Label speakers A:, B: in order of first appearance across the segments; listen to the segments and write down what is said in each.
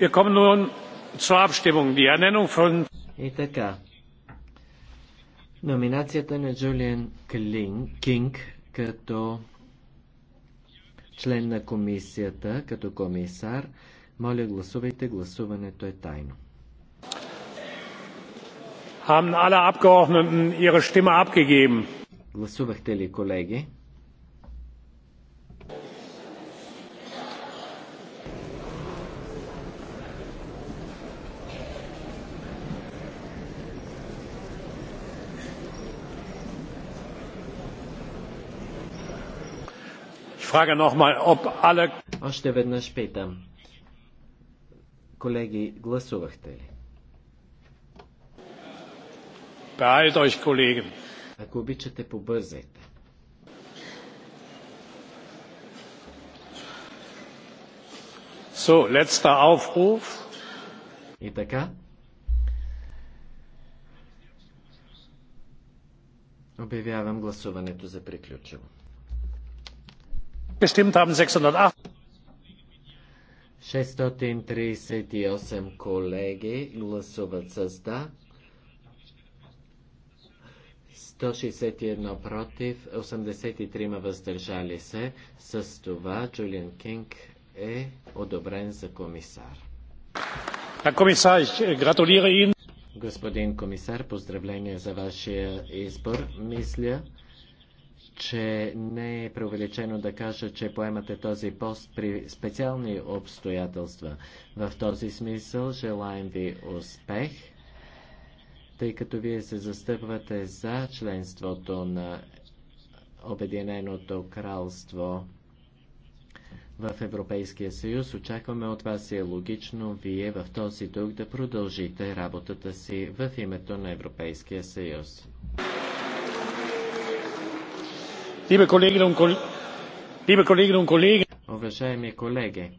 A: И така. Номинацията на Джулиан Кинг като член на комисията, като комисар. Моля, гласувайте. Гласуването е тайно.
B: Haben alle Abgeordneten ihre Stimme abgegeben?
A: Гласувахте ли, колеги? Още веднъж питам. Колеги, гласувахте ли? Beeilt euch, Kollegen. Ако обичате, побързайте. So, letzter Aufruf. И така. Обявявам гласуването за приключено haben 608. 638 колеги гласуват с да, 161 против, 83 въздържали се. С това Джулиан Кинг е одобрен за комисар.
B: Äh,
A: Господин комисар, поздравления за вашия избор. Мисля, че не е преувеличено да кажа, че поемате този пост при специални обстоятелства. В този смисъл желаем ви успех, тъй като вие се застъпвате за членството на Обединеното кралство в Европейския съюз. Очакваме от вас и е логично вие в този дух да продължите работата си в името на Европейския съюз. Уважаеми колеги,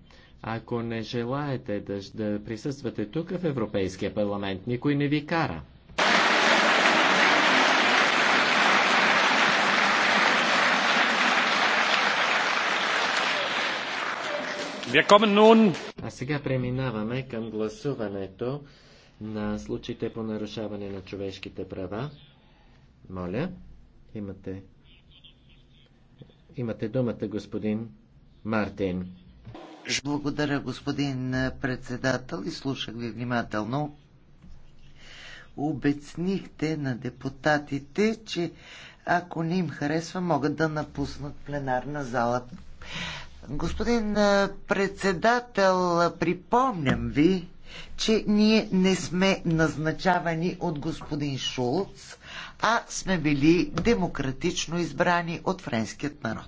A: ако не желаете да, да присъствате тук в Европейския парламент, никой не ви кара. А сега преминаваме към гласуването на случаите по нарушаване на човешките права. Моля, имате Имате думата, господин Мартин.
C: Благодаря, господин председател, и слушах ви внимателно. Обяснихте на депутатите, че ако не им харесва, могат да напуснат пленарна зала. Господин председател, припомням ви, че ние не сме назначавани от господин Шулц, а сме били демократично избрани от френският народ.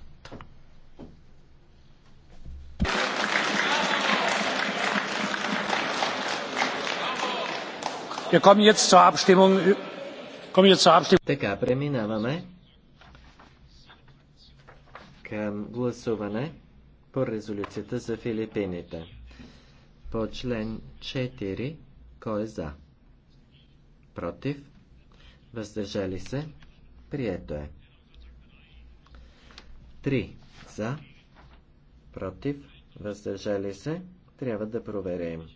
A: Така, преминаваме към гласуване по резолюцията за Филипините. По член 4, кой е за? Против? въздържали се, прието е. 3 за, против, въздържали се, трябва да проверим.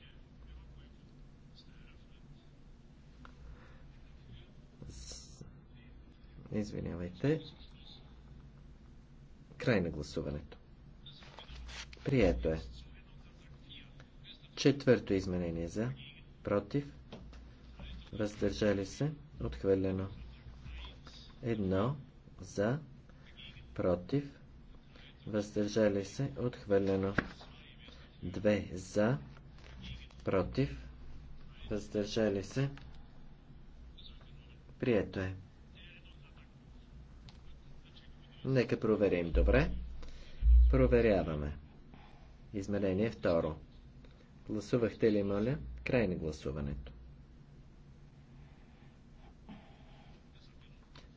A: Извинявайте. Край на гласуването. Прието е. Четвърто изменение за, против, въздържали се, Отхвърлено. Едно за, против, въздържали се, отхвърлено. Две за, против, въздържали се, прието е. Нека проверим, добре? Проверяваме. Измерение второ. Гласувахте ли, моля? Край на гласуването.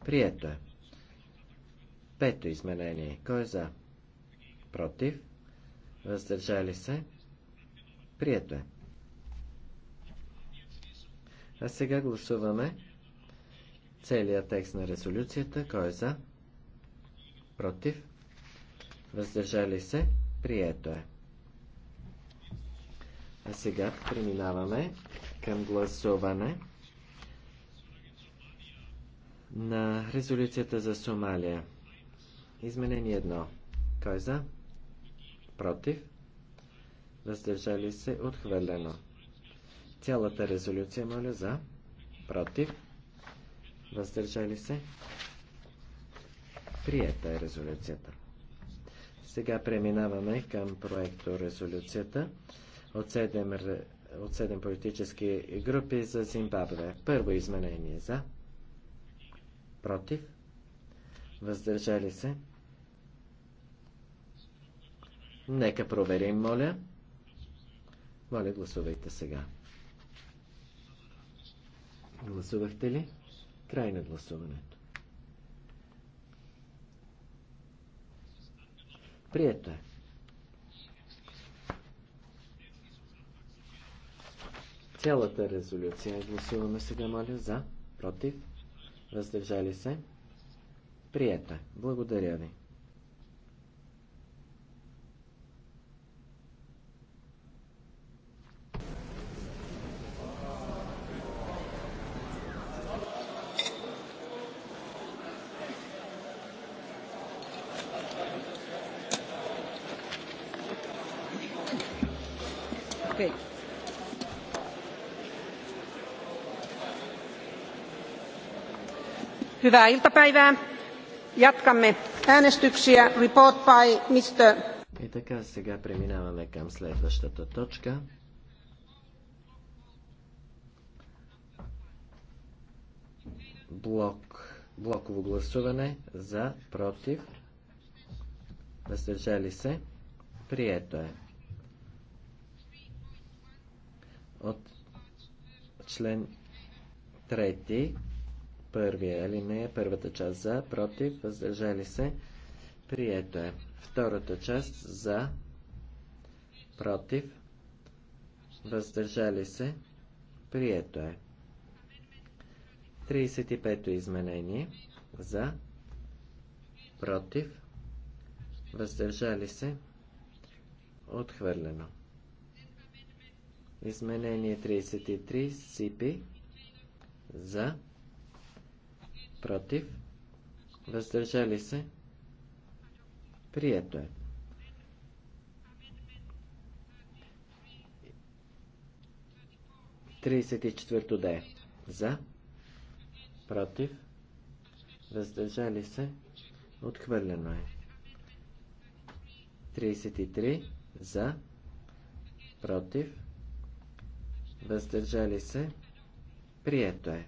A: Прието е. Пето изменение. Кой е за? Против. Въздържали се. Прието е. А сега гласуваме целият текст на резолюцията. Кой е за? Против. Въздържали се. Прието е. А сега преминаваме към гласуване на резолюцията за Сомалия. Изменение едно. Кой е за? Против? Въздържали се? Отхвърлено. Цялата резолюция, моля, за? Против? Въздържали се? Приета е резолюцията. Сега преминаваме към проекто резолюцията от 7, от 7 политически групи за Зимбабве. Първо изменение за против, въздържали се. Нека проверим, моля. Моля, гласувайте сега. Гласувахте ли? Край на гласуването. Прието е. Цялата резолюция гласуваме сега, моля, за, против, Въздържали се? Прието. Е. Благодаря ви.
B: hyvää iltapäivää. Jatkamme äänestyksiä. Report by Mr.
A: И така сега преминаваме към следващата точка. Блок, блоково гласуване за, против, въздържали се, прието е. От член 3 Първия алинея, първата част за, против, въздържали се, прието е. Втората част за, против, въздържали се, прието е. 35-то изменение за, против, въздържали се, отхвърлено. Изменение 33 сипи за, против, въздържали се, прието е. Тридесет и четвърто да е. За, против, въздържали се, отхвърлено е. 33 за, против, въздържали се, прието е.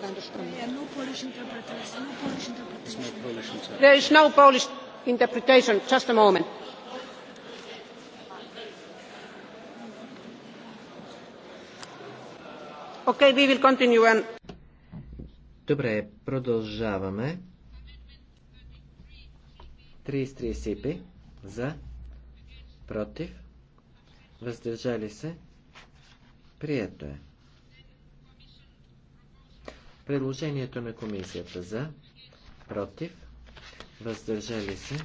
B: don't understand. There is no Polish interpretation. Just a moment. Okay, we will continue and...
A: Добре, продължаваме. 33 сипи за, против, въздържали се, прието е. Предложението на комисията за, против, въздържали се,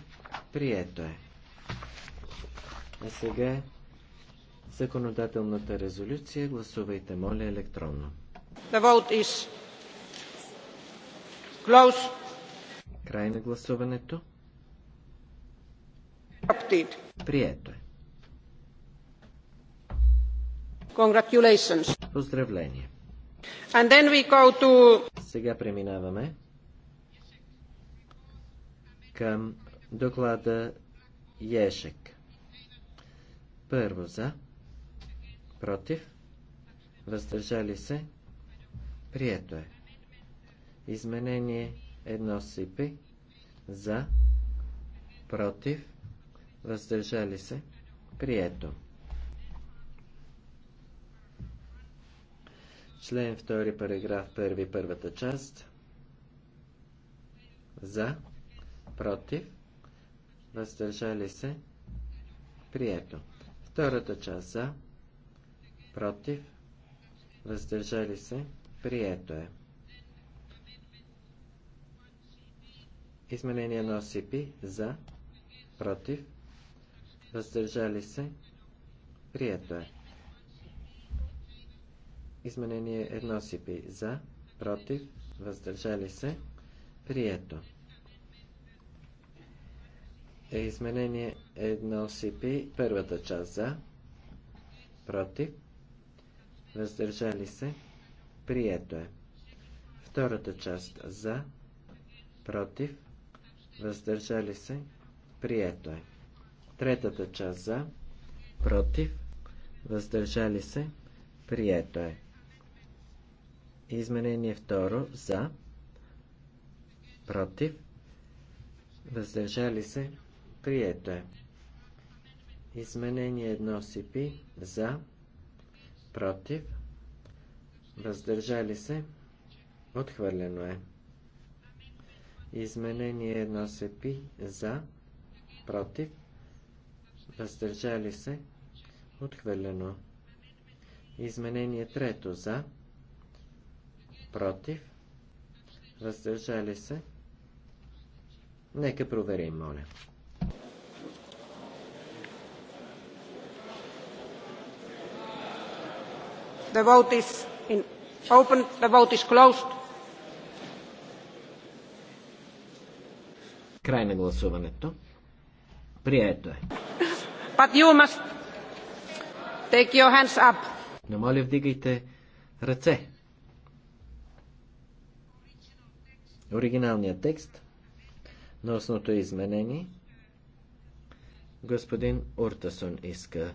A: прието е. А сега законодателната резолюция. Гласувайте, моля, електронно.
B: The vote is close.
A: Край на гласуването. Adopted. Прието е.
B: Congratulations.
A: Поздравление.
B: And then we go to...
A: Сега преминаваме към доклада Ешек. Първо за, против, въздържали се, прието е. Изменение едно сипи, за, против, въздържали се, прието. Член 2, параграф 1, първата част. За. Против. Въздържали се. Прието. Втората част за. Против. Въздържали се. Прието е. Изменение на ОСП за. Против. Въздържали се. Прието е. Изменение 1 сипи за, против, въздържали се, прието. Е изменение 1 сипи, първата част за, против, въздържали се, прието е. Втората част за, против, въздържали се, прието е. Третата част за, против, въздържали се, прието е. Изменение второ за, против, въздържали се, прието е. Изменение едно СП за, против, въздържали се, отхвърлено е. Изменение едно СП за, против, въздържали се, отхвърлено. Изменение трето за, против, въздържали се. Нека проверим, моля.
B: The vote is in open. The vote is closed.
A: Край на гласуването. Прието е.
B: But you must take your hands up.
A: Но моля, вдигайте ръце. Оригиналният текст на основното изменение. Господин Уртасон иска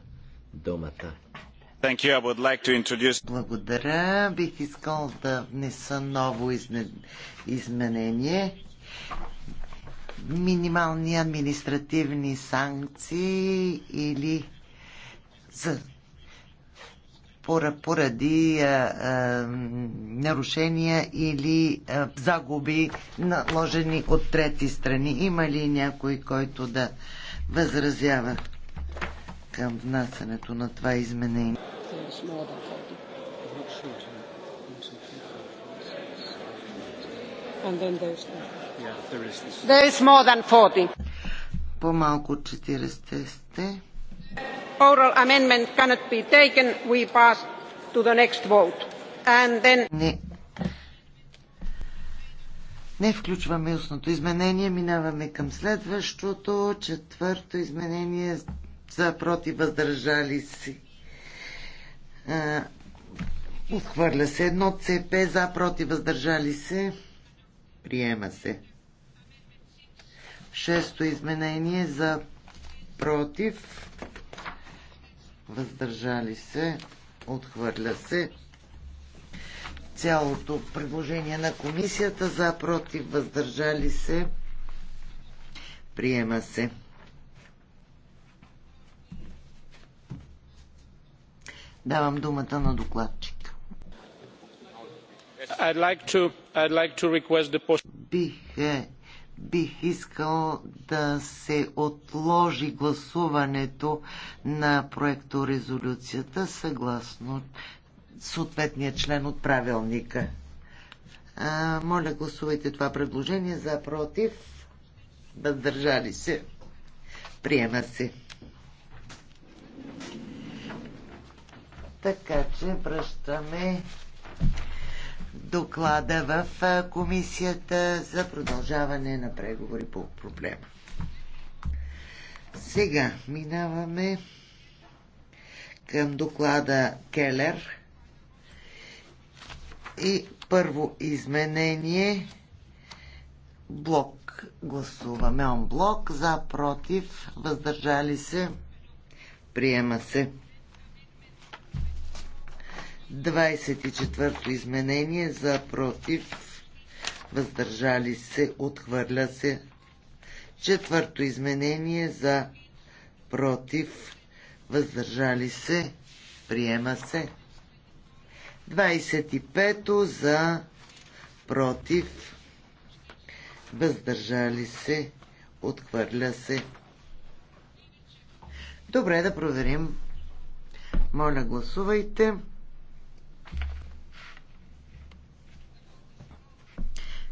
C: думата. Like introduce... Благодаря. Бих искал да внеса ново изменение. Минимални административни санкции или за поради а, а, нарушения или а, загуби, наложени от трети страни. Има ли някой, който да възразява към внасянето на това изменение?
B: Yeah,
C: По-малко от 40 сте.
B: Oral amendment cannot be taken. We pass to the next vote. Then...
C: Не. Не включваме устното изменение, минаваме към следващото, четвърто изменение за против въздържали си. Отхвърля се едно ЦП за против въздържали се. Приема се. Шесто изменение за против въздържали се. Отхвърля се цялото предложение на комисията за против въздържали се. Приема се. Давам думата на докладчик.
B: I'd like to, I'd like to request the...
C: Бих, е, бих искал да се отложи гласуването на проекторезолюцията съгласно съответния член от правилника. А, моля, гласувайте това предложение за против. Въздържали се. Приема се. Така че връщаме доклада в комисията за продължаване на преговори по проблема. Сега минаваме към доклада Келер и първо изменение. Блок. Гласуваме он блок. За, против, въздържали се. Приема се. 24-то изменение за против въздържали се, отхвърля се. Четвърто изменение за против въздържали се, приема се. 25 за против въздържали се отхвърля се Добре, да проверим. Моля, гласувайте.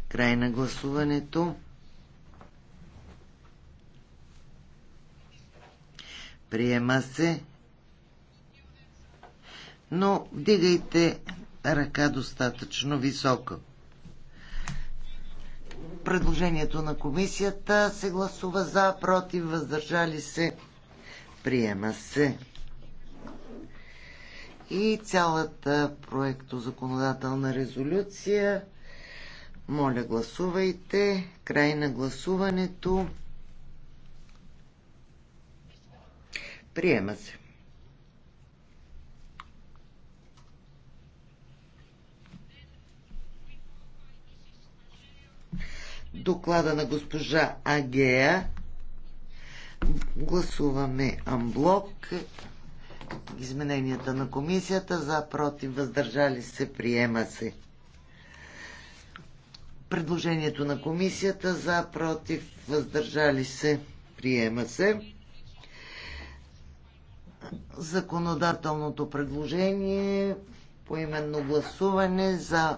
C: Край на гласуването. Приема се но вдигайте ръка достатъчно високо. Предложението на комисията се гласува за, против, въздържали се, приема се. И цялата проекто законодателна резолюция. Моля, гласувайте. Край на гласуването. Приема се. доклада на госпожа Агея. Гласуваме амблок. Измененията на комисията за против въздържали се приема се. Предложението на комисията за против въздържали се приема се. Законодателното предложение по именно гласуване за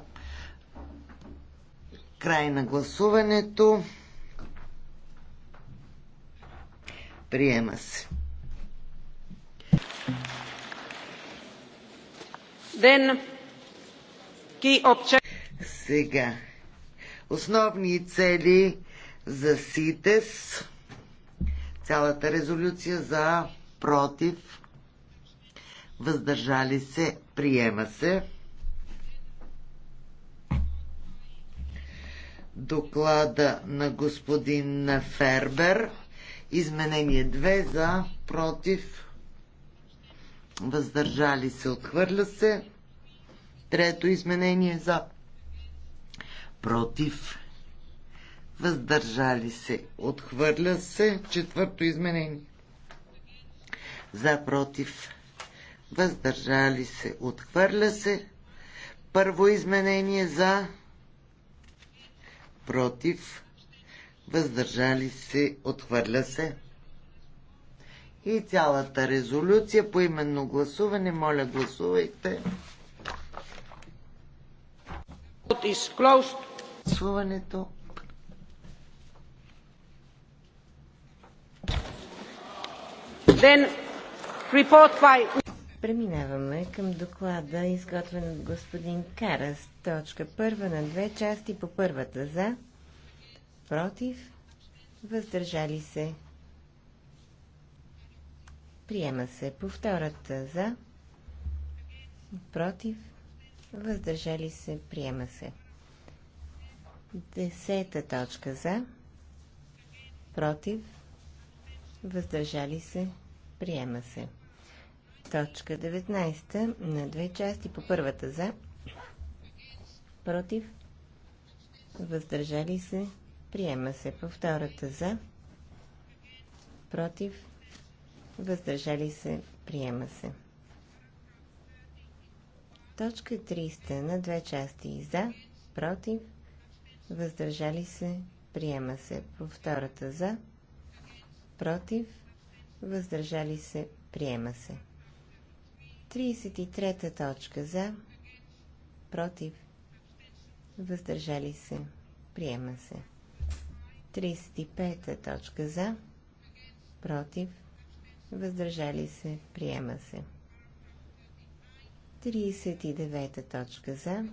C: Край на гласуването. Приема се. Then, key object... Сега. Основни цели за СИТЕС. Цялата резолюция за против. Въздържали се. Приема се. доклада на господин Фербер. Изменение 2 за, против, въздържали се, отхвърля се. Трето изменение за, против, въздържали се, отхвърля се. Четвърто изменение за, против, въздържали се, отхвърля се. Първо изменение за, против, въздържали се, отхвърля се. И цялата резолюция по именно гласуване, моля гласувайте. Гласуването.
B: Then
D: report by Преминаваме към доклада, изготвен от господин Карас. Точка първа на две части по първата за, против, въздържали се. Приема се по втората за, против, въздържали се, приема се. Десета точка за, против, въздържали се, приема се точка 19 на две части по първата за, против, въздържали се, приема се по втората за, против, въздържали се, приема се. Точка 300 на две части за, против, въздържали се, приема се по втората за, против, въздържали се, приема се. 33 точка за, против, въздържали се, приема се. 35-та точка за, против, въздържали се, приема се. 39-та точка за,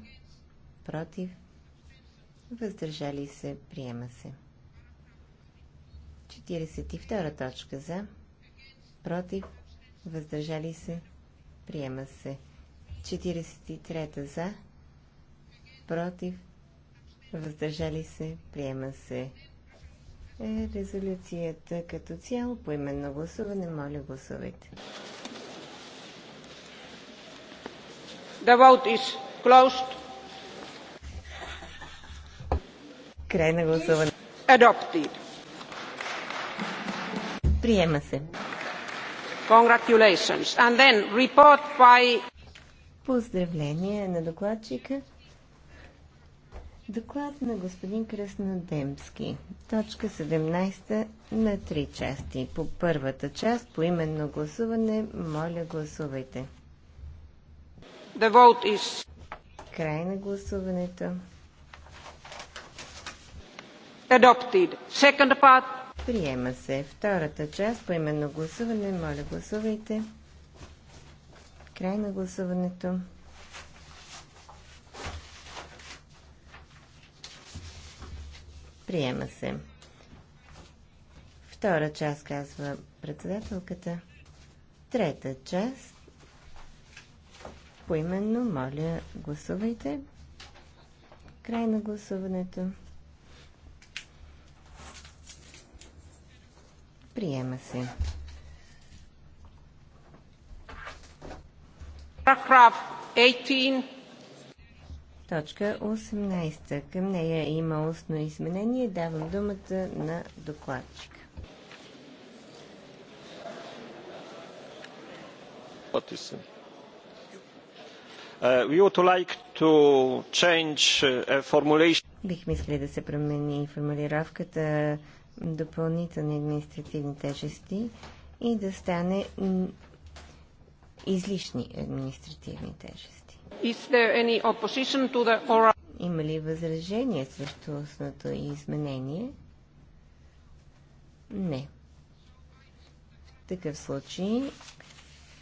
D: против, въздържали се, приема се. 42 точка за, против, въздържали се, Приема се. 43 за. Против. Въздържали се. Приема се. Е, резолюцията като цяло по именно гласуване. Моля, гласувайте.
B: The vote is closed.
D: Край на гласуване.
B: Adopted. Приема се. Congratulations. And then report by...
D: Поздравление на докладчика. Доклад на господин Краснодемски. Точка 17 на три части. По първата част, по именно гласуване, моля гласувайте.
B: The vote is... Край
D: на гласуването. Adopted. Second part, Приема се. Втората част по именно гласуване. Моля, гласувайте. Край на гласуването. Приема се. Втора част, казва председателката. Трета част. Поименно, моля, гласувайте. Край на гласуването. Приема се.
B: Параграф 18.
D: Точка 18. Към нея има устно изменение. Давам думата на докладчик.
A: Uh, like uh,
D: Бих мисли да се промени формулировката допълнителни административни тежести и да стане излишни административни тежести.
B: The...
D: Има ли възражение срещу устното изменение? Не. В такъв случай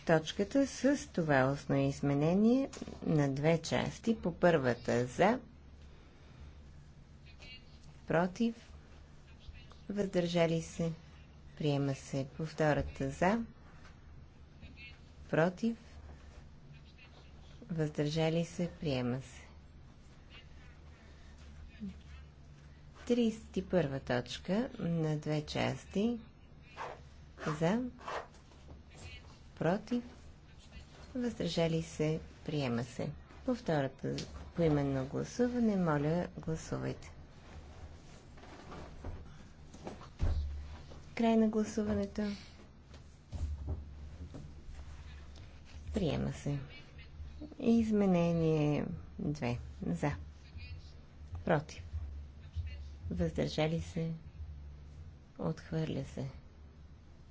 D: точката с това устно изменение на две части. По първата за, против, въздържали се, приема се. По втората за, против, въздържали се, приема се. 31 точка на две части за, против, въздържали се, приема се. По втората поименно гласуване, моля гласувайте. Край на гласуването. Приема се. Изменение 2. За. Против. Въздържали се. Отхвърля се.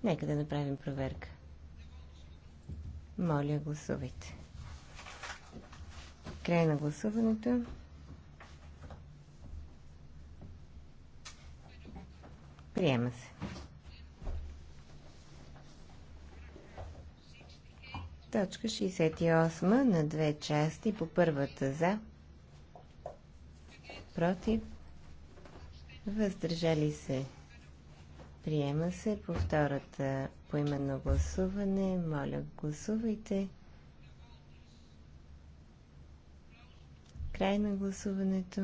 D: Нека да направим проверка. Моля, гласувайте. Край на гласуването. Приема се. Точка 68 на две части по първата за, против, въздържали се. Приема се по втората поименно гласуване. Моля, гласувайте. Край на гласуването.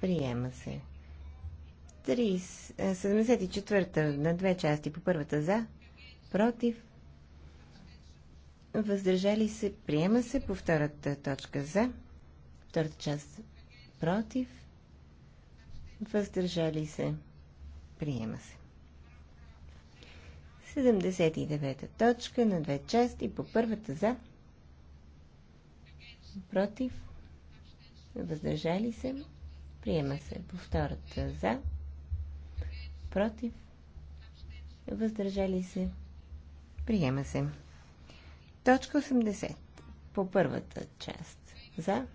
D: Приема се. 74-та е, на две части по първата за, против, въздържали се, приема се по втората точка за, втората част против, въздържали се, приема се. 79-та точка на две части по първата за, против, въздържали се, приема се по втората за, против, въздържали се, приема се. Точка 80 по първата част. За,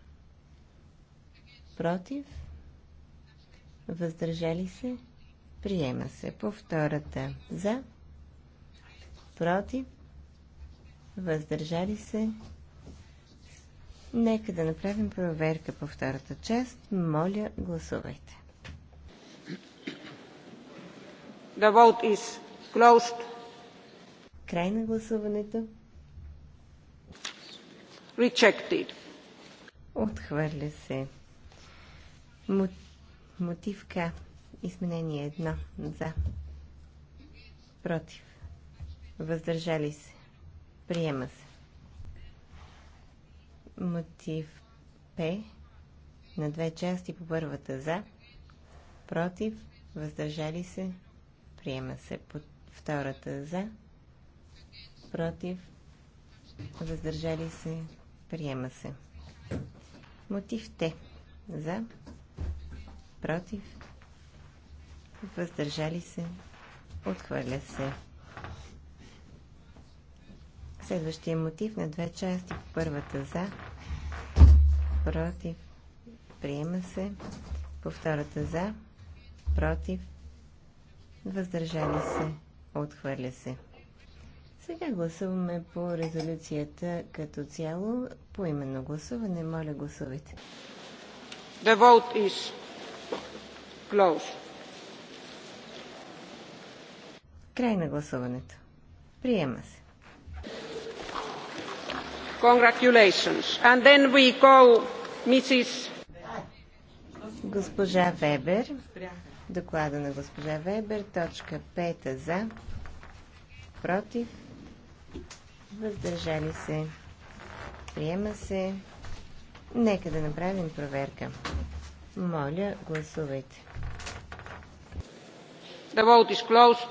D: против, въздържали се, приема се. По втората за, против, въздържали се. Нека да направим проверка по втората част. Моля,
B: гласувайте. The vote is closed.
D: Край на гласуването.
B: Rejected. Отхвърля се.
D: Мотив К. Изменение едно. За. Против. Въздържали се. Приема се. Мотив П. На две части по първата за. Против. Въздържали се. Приема се под втората за. Против. Въздържали се. Приема се. Мотив Т. За. Против. Въздържали се. Отхвърля се. Следващия мотив на две части. Първата за. Против. Приема се. По втората за. Против въздържали се, отхвърля се. Сега гласуваме по резолюцията като цяло. По именно гласуване, моля гласувайте. The
B: vote is closed. Край
D: на гласуването.
B: Приема се. Congratulations. And then we call Mrs. Госпожа
D: Вебер доклада на госпожа Вебер, точка 5 за, против, въздържали се, приема се. Нека да направим проверка. Моля, гласувайте. The vote is closed.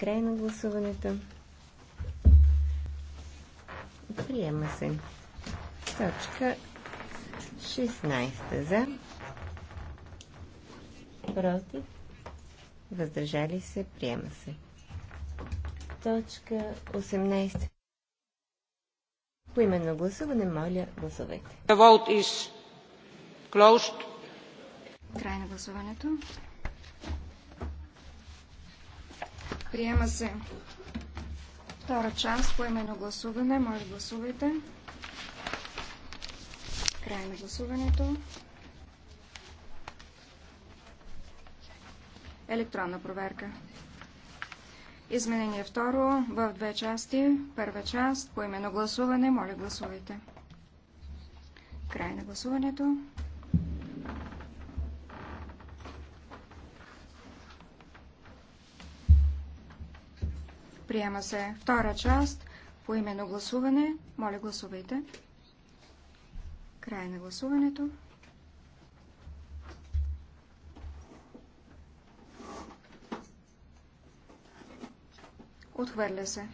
D: Край на гласуването. Приема се. Точка 16 за Против. Въздържали се. Приема се. Точка 18. Поименно гласуване, моля, гласувайте. Вот
E: из клоуст. Край на гласуването. Приема се втора част, поименно гласуване, моля, гласувайте. Край на гласуването. електронна проверка. Изменение второ в две части. Първа част по именно гласуване. Моля гласувайте. Край на гласуването. Приема се втора част по именно гласуване. Моля гласувайте. Край на гласуването. Отхвърля се.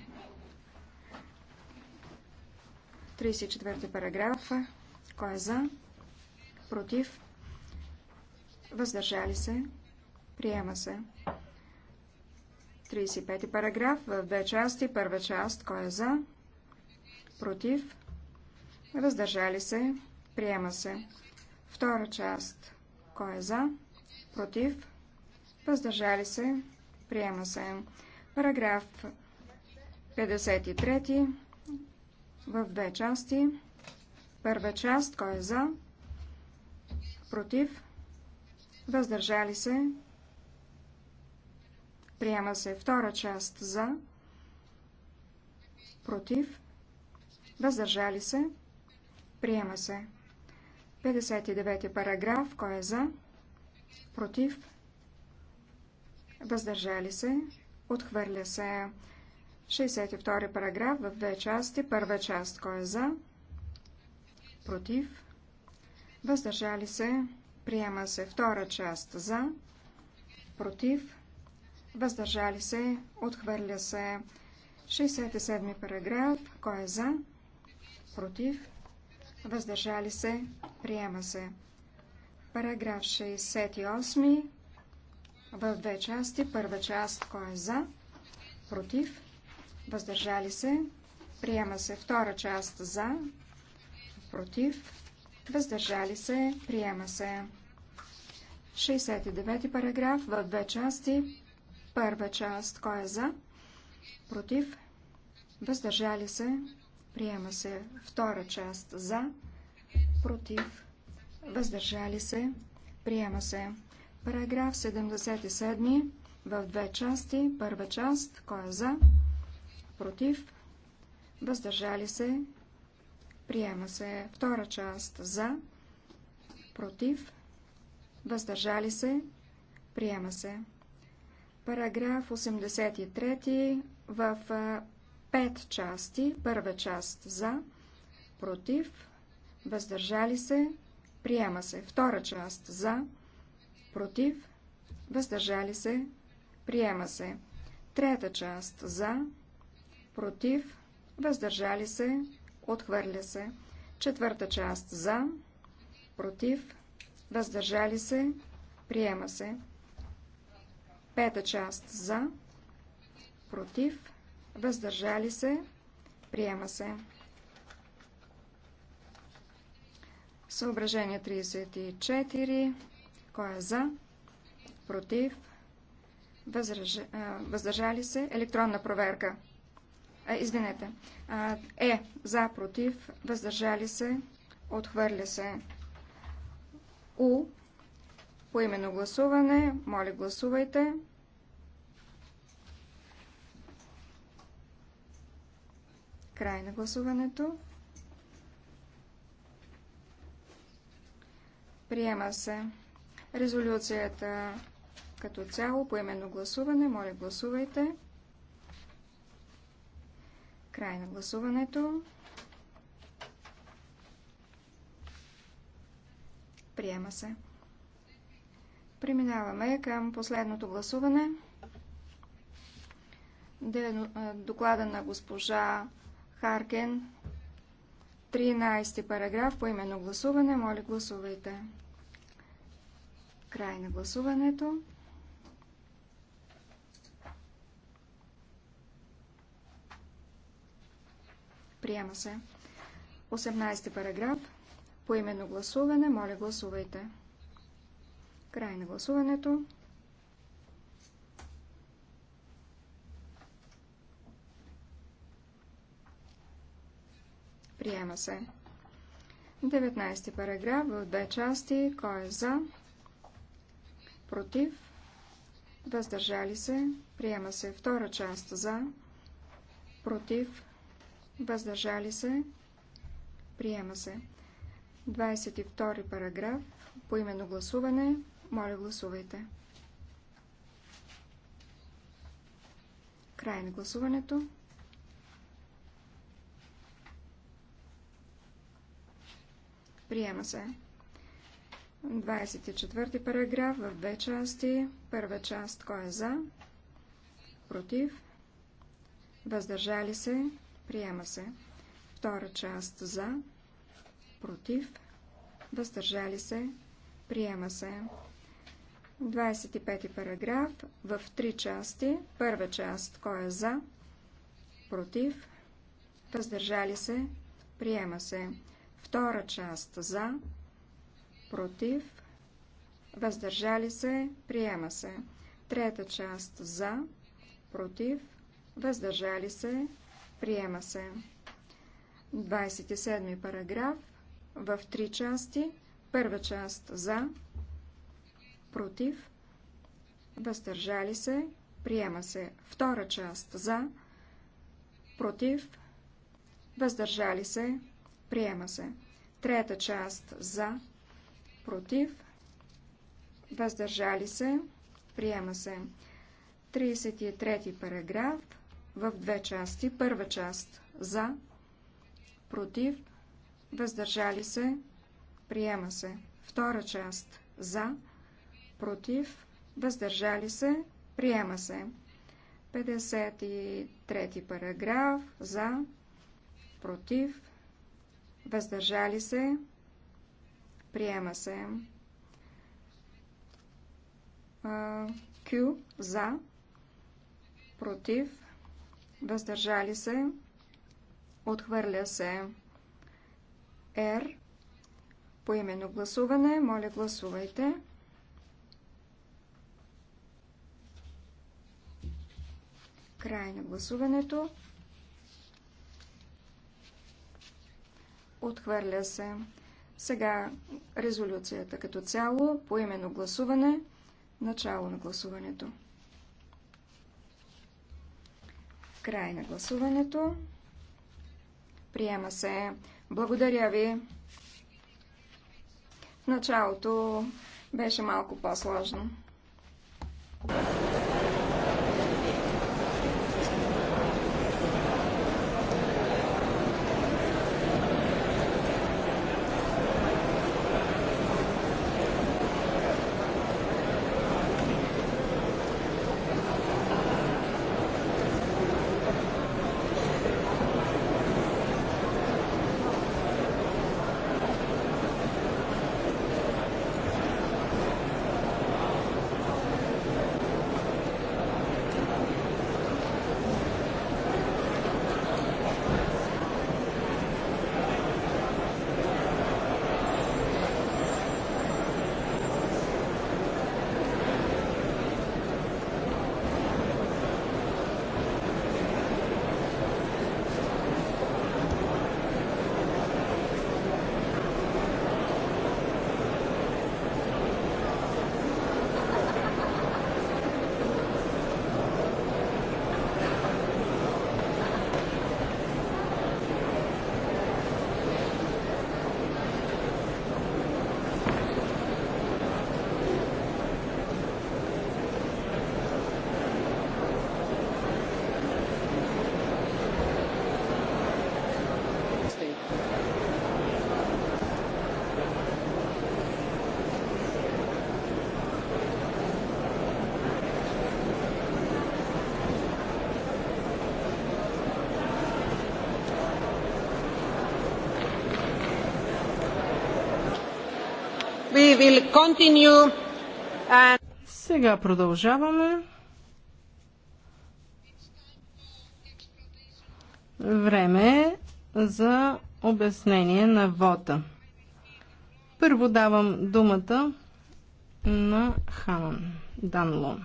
E: 34 параграф. Кой е за? Против? Въздържали се? Приема се. 35 параграф в две части. Първа част. Кой е за? Против? Въздържали се? Приема се. Втора част. Кой е за? Против? Въздържали се? Приема се. Параграф 53 в две части. Първа част, кой е за, против, въздържали се, приема се втора част за, против, въздържали се, приема се. 59 параграф, кой е за, против, въздържали се, Отхвърля се 62 параграф в две части. Първа част, кой е за? Против. Въздържали се. Приема се втора част за. Против. Въздържали се. Отхвърля се 67 параграф. Кой е за? Против. Въздържали се. Приема се. Параграф 68 в две части. Първа част, кой е за, против, въздържали се, приема се. Втора част, за, против, въздържали се, приема се. 69 параграф в две части. Първа част, кой е за, против, въздържали се, приема се. Втора част, за, против, въздържали се, приема се. Параграф 77 в две части. Първа част, кой е за, против, въздържали се, приема се. Втора част, за, против, въздържали се, приема се. Параграф 83 в пет части. Първа част, за, против, въздържали се, приема се. Втора част, за, против, против, въздържали се, приема се. Трета част за, против, въздържали се, отхвърля се. Четвърта част за, против, въздържали се, приема се. Пета част за, против, въздържали се, приема се. Съображение 34. Кой е за? Против? Възръж... Въздържали се? Електронна проверка. А, извинете. А, е. За, против? Въздържали се? Отхвърля се. У. По именно гласуване. Моля, гласувайте. Край на гласуването. Приема се резолюцията като цяло по именно гласуване. Моля, гласувайте. Край на гласуването. Приема се. Преминаваме към последното гласуване. Доклада на госпожа Харкен. 13 параграф по именно гласуване. Моля, гласувайте. Край на гласуването. Приема се. 18 параграф. По именно гласуване. Моля, гласувайте. Край на гласуването. Приема се. 19 параграф в две части. Кой е за? против, въздържали се, приема се втора част за, против, въздържали се, приема се. 22 параграф, по именно гласуване, моля гласувайте. Край на гласуването. Приема се. 24 параграф в две части. Първа част кой е за? Против? Въздържали се? Приема се. Втора част за? Против? Въздържали се? Приема се. 25 параграф в три части. Първа част кой е за? Против? Въздържали се? Приема се. Втора част за? Против? против, въздържали се, приема се. Трета част за, против, въздържали се, приема се. 27 параграф в три части. Първа част за, против, въздържали се, приема се. Втора част за, против, въздържали се, приема се. Трета част за, против, въздържали се, приема се. 33 параграф в две части. Първа част за, против, въздържали се, приема се. Втора част за, против, въздържали се, приема се. 53 параграф за, против, въздържали се, Приема се. Q за, против, въздържали се, отхвърля се. R по именно гласуване. Моля, гласувайте. Край на гласуването. Отхвърля се. Сега резолюцията като цяло, по именно гласуване, начало на гласуването. Край на гласуването. Приема се. Благодаря ви. началото беше малко по-сложно.
B: continue. And... Сега продължаваме. Време е за
D: обяснение на вота. Първо давам думата
B: на Ханан Данлон.